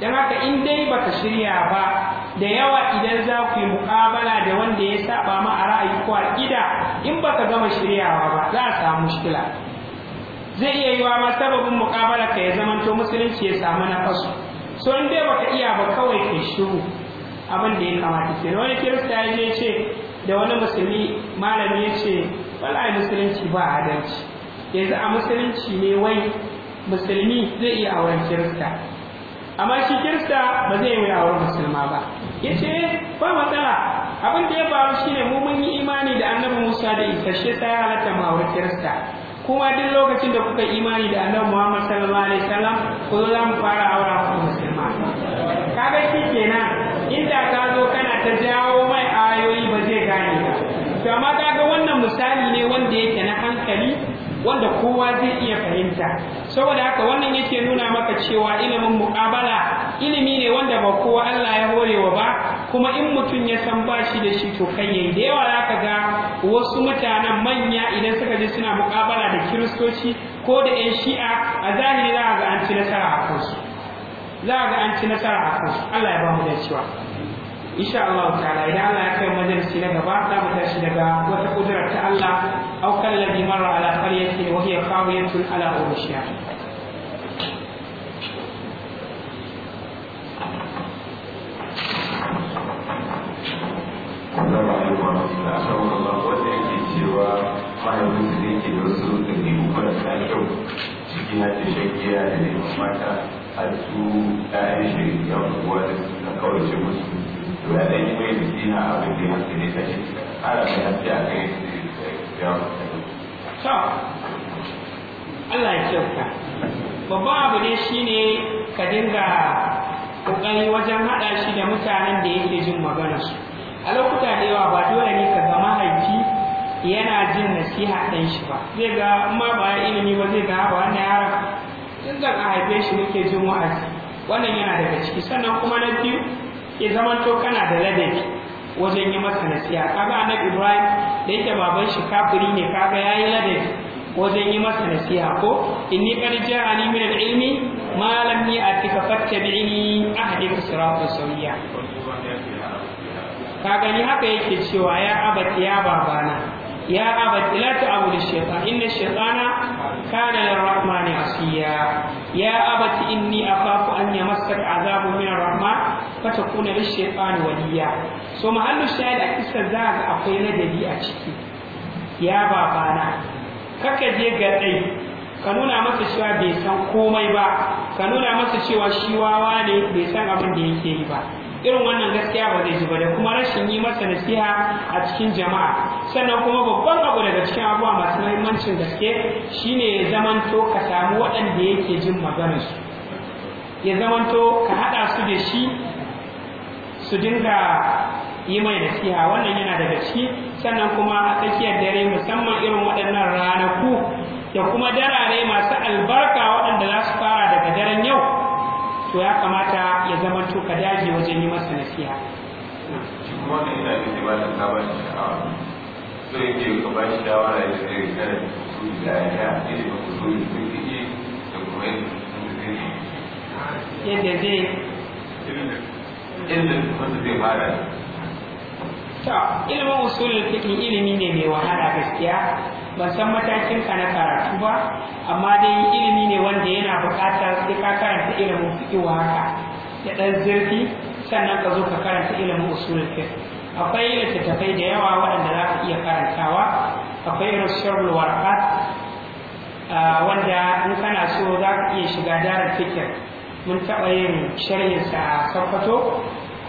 don haka in dai baka shirya ba da yawa idan za ku yi mukabala da wanda ya saba ma a ra'ayi ko aƙida in baka gama shiryawa ba za a samu mushkila zai iya yiwa ma sababin mukabala ka ya zamanto musulunci ya samu kasu so in dai baka iya ba kawai kai shiru abin da ya kamata ke wani kirista ya je ce da wani musulmi malami ya ce wallahi musulunci ba adalci yanzu a musulunci ne wai musulmi zai iya auren kirista amma shi kirista ba zai yi auren musulma ba ya ce ba matsala abin da ya faru shine mu mun yi imani da annabi musa da isa shi ta halatta mu auren kirista kuma duk lokacin da kuka imani da annabi muhammad sallallahu alaihi wasallam ko za mu fara aura ku musulma kaga shi kenan inda ka zo kana ta jawo mai ayoyi ba zai gane ba to amma kaga wannan misali ne wanda yake na hankali wanda kowa zai iya fahimta saboda haka wannan yake nuna maka cewa ilimin muqabala ilimi ne wanda ba kowa Allah ya horewa ba kuma in mutum ya san ba shi da shi to kai yayi da yawa zaka ga wasu mutanen manya idan suka je suna muqabala da kiristoci ko da yan shi'a a zahiri za ga an ci nasara a kansu za ga an ci nasara a kansu Allah ya ba mu da insha Allah ta'ala idan Allah ya kai majalisi na gaba za mu tashi daga wata kudurar ta Allah aw kallabi marra ala qaryati wa hiya qawiyatun ala urushiha Assalamu alaikum warahmatullahi wabarakatuh. Wanda yake cewa mahaifinsu da yake da wasu ɗabi'u marasa kyau ciki da mata su da suka musu ya dan yi mai nasiha a wani da hankali ta shi ƙara mai haske a kai su ya to Allah ya kyauta babban abu ne shine ka dinga ƙoƙari wajen haɗa shi da mutanen da yake jin maganar su a lokuta da yawa ba dole ne ka ga mahaifi yana jin nasiha ɗan shi ba zai ga ma ba ya ilimi ba zai ga ah, ba wannan yara tun zan a haife shi muke jin wa'azi wannan yana daga ciki sannan kuma na biyu ya zamanto kana da ladabi wajen yi masa nasiha kaga annabi ibrahim da yake baban shi kafiri ne kaga yayi ladabi wajen yi masa nasiha ko inni qad ja'ani min al-ilmi ma lam ya'tika fattabi'ni ahdika siratan sawiya kaga ni haka yake cewa ya abati ya babana ya abati la ta'budu shaytan inna shaytana kana lirrahmani asiya ya abati inni akhafu an yamassaka azabun min ar-rahman fatakuna lishaytan waliya so mahallu shahid a kissa za ga akwai ladabi a ciki ya babana kaka je ga dai ka nuna masa cewa bai san komai ba ka nuna masa cewa shi wawa ne bai san abin da yake yi ba irin wannan gaskiya ba zai ji ba da kuma rashin yi masa nasiha a cikin jama'a sannan kuma babban abu daga cikin abubuwa masu muhimmancin gaske shine ya zamanto ka samu waɗanda yake jin maganar su ya zamanto ka haɗa su da shi su dinga yi mai nasiha wannan yana daga ciki sannan kuma a tsakiyar dare musamman irin waɗannan ranaku da kuma darare masu albarka waɗanda za su fara daga daren yau to ya kamata ya zama tuka daji wajen yi masa nasiha yadda zai ilimin wanda zai mara ilimin usulul fiqh ilimi ne mai wahala gaskiya ban san matakin ka na karatu ba amma dai ilimi ne wanda yana buƙatar sai ka karanta ilimin fiqh haka da ɗan zirfi sannan ka zo ka karanta ilimin usulul akwai littattafai da yawa waɗanda za ka iya karantawa akwai irin sharhul warqat ah, wanda in kana so za ka iya shiga darar fikir mun taɓa yin shari'insa a sokoto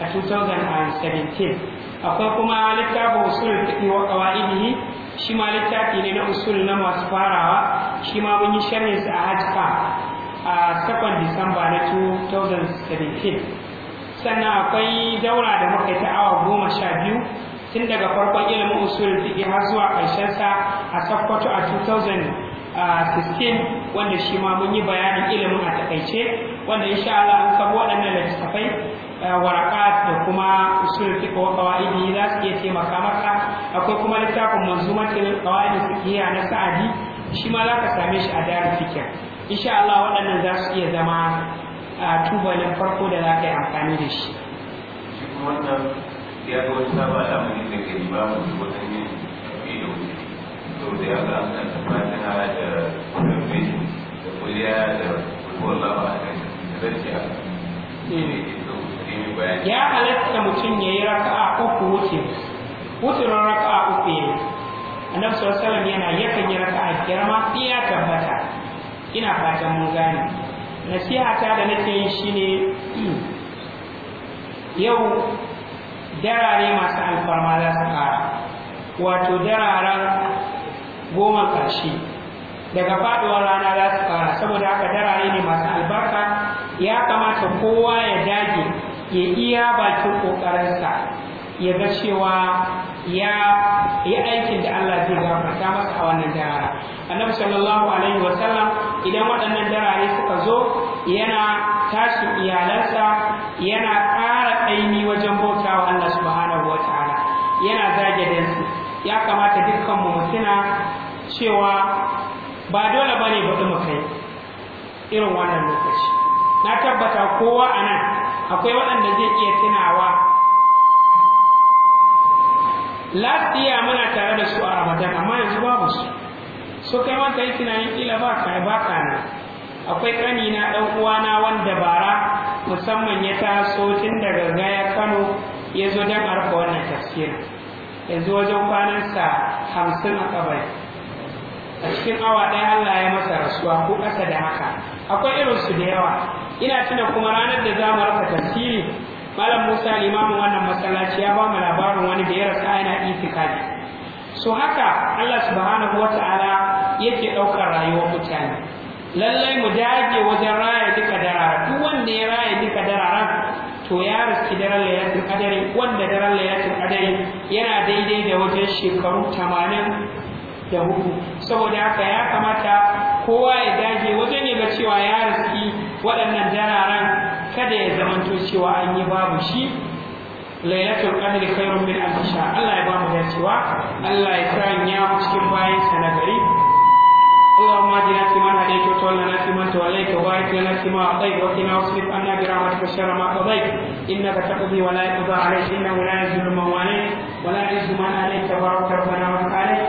a 2017 akwai kuma littafin usul fiqh wa qawaidihi shi ma littafi ne na usul na masu farawa shi ma mun yi shari'insa a hajfa a 7 disamba na 2017 sannan akwai daura da muka ta awa goma sha biyu tun daga farkon ilimin usul fiqh har zuwa ƙarshensa a sokoto a 2000 16 wanda shi ma mun yi bayanin ilimin a takaice wanda in sha Allah an sabo waɗannan littattafai eh, warakat da kuma usul fiqh wa qawaidi za su iya taimaka maka akwai kuma littafin manzumatul qawaid fiqhiyya na sa'adi shi ma za ka same shi a darul in sha Allah waɗannan za su iya zama tubalin farko da za ka yi amfani da shi wannan ya ga wani sabon mun da ke ba mu wata ya za a halatta mutum ya yi raka'a uku wuce wuturin raka'a uku ya annabi sallallahu alaihi yana yakan yi raka'a biyar ma sai ya tabbata ina fatan mun gane nasiha ta da nake yi shine yau darare masu alfarma za su kara wato dararen goma ƙarshe daga faɗuwar rana za su fara saboda haka dara ne masu albarka ya kamata kowa ya dage ya iya bakin ƙoƙarinsa ya ga cewa ya yi aikin da Allah zai gafarta masa a wannan darara annabi sallallahu alaihi wa sallam idan waɗannan darare suka zo yana tashi iyalansa yana ƙara ɗaini wajen bautawa Allah subhanahu wa ta'ala yana zage dansu ya kamata dukkan mu mutuna cewa ba dole ba ne baɗi makai irin wannan lokaci na tabbata kowa a nan akwai waɗanda zai iya tunawa last muna tare da su a ramadan amma yanzu babu su so kai ma yi tunanin kila ba ka ba ka na akwai ƙani na ɗan uwana wanda bara musamman ya taso tun daga gaya kano ya zo don arfa wannan tafsirin yanzu wajen kwanansa hamsin a kabari a cikin awa ɗaya Allah ya masa rasuwa ko ƙasa da haka akwai irinsu da yawa ina tuna kuma ranar da za mu rasa tafsiri malam Musa limamin wannan masallaci ya ba mu labarin wani da ya rasa yana itikadi so haka Allah subhanahu wata'ala yake ɗaukar rayuwar mutane lallai mu dage wajen raya duka darara duk wanda ya raya duka darara to ya riski daren layatul adari, wanda daren layatul adari yana daidai da wajen shekaru tamanin da hudu saboda haka ya kamata kowa ya dage wajen ne ga cewa ya riski waɗannan dararen kada ya zamanto cewa an yi babu shi lailatul qadri khairun min alf shahr Allah ya bamu mu dacewa Allah ya sanya mu cikin bayan sa na gari اللهم اهدنا فيمن هديت وتولنا فيمن توليت وبارك لنا فيما اعطيت وقنا واصرف عنا برحمتك شر ما قضيت انك تقضي ولا يقضى عليك انه لا يذل من واليت ولا يعز من عليك تبارك ربنا وتعالى